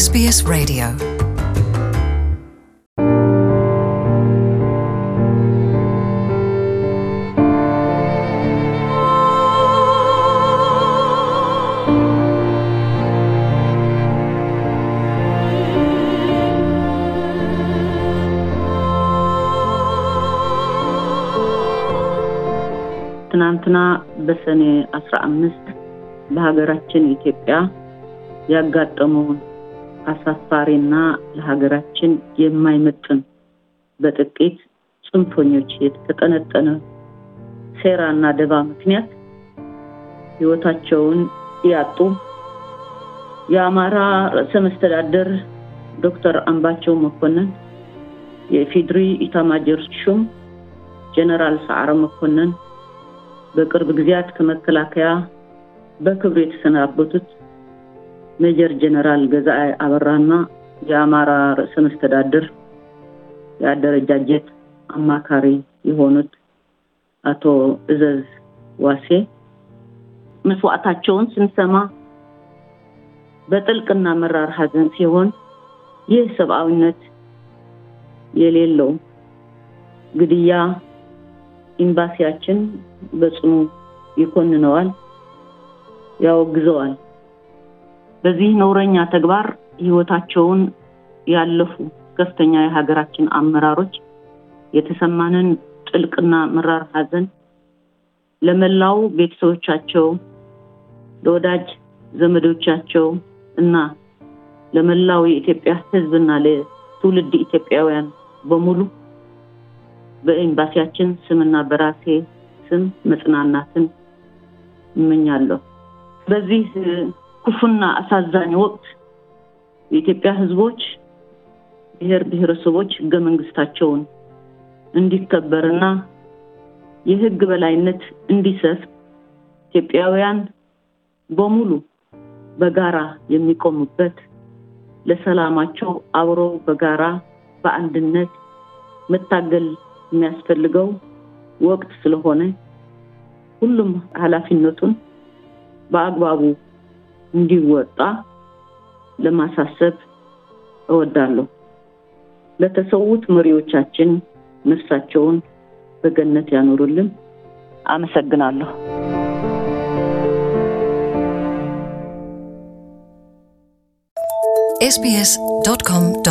ኤስቢኤስ ሬዲዮ ትናንትና በሰኔ አስራ አምስት በሀገራችን ኢትዮጵያ ያጋጠመውን አሳፋሪና ለሀገራችን የማይመጥን በጥቂት ጽንፈኞች የተጠነጠነ ሴራና ደባ ምክንያት ህይወታቸውን ያጡ የአማራ ርዕሰ መስተዳደር ዶክተር አምባቸው መኮንን፣ የኢፌድሪ ኢታማጆር ሹም ጀነራል ሰዓረ መኮንን፣ በቅርብ ጊዜያት ከመከላከያ በክብር የተሰናበቱት ሜጀር ጀነራል ገዛኢ አበራና የአማራ ርዕሰ መስተዳድር የአደረጃጀት አማካሪ የሆኑት አቶ እዘዝ ዋሴ መስዋዕታቸውን ስንሰማ በጥልቅና መራር ሀዘን ሲሆን ይህ ሰብአዊነት የሌለው ግድያ ኢምባሲያችን በጽኑ ይኮንነዋል፣ ያወግዘዋል። በዚህ ነውረኛ ተግባር ህይወታቸውን ያለፉ ከፍተኛ የሀገራችን አመራሮች የተሰማንን ጥልቅና መራር ሐዘን ለመላው ቤተሰቦቻቸው፣ ለወዳጅ ዘመዶቻቸው እና ለመላው የኢትዮጵያ ህዝብና ለትውልድ ኢትዮጵያውያን በሙሉ በኤምባሲያችን ስምና በራሴ ስም መጽናናትን እመኛለሁ። በዚህ ክፉና አሳዛኝ ወቅት የኢትዮጵያ ህዝቦች ብሔር ብሔረሰቦች ህገ መንግስታቸውን እንዲከበርና የህግ በላይነት እንዲሰፍ ኢትዮጵያውያን በሙሉ በጋራ የሚቆሙበት ለሰላማቸው አብሮ በጋራ በአንድነት መታገል የሚያስፈልገው ወቅት ስለሆነ ሁሉም ኃላፊነቱን በአግባቡ እንዲወጣ ለማሳሰብ እወዳለሁ። ለተሰዉት መሪዎቻችን ነፍሳቸውን በገነት ያኖሩልን። አመሰግናለሁ። sbs.com.au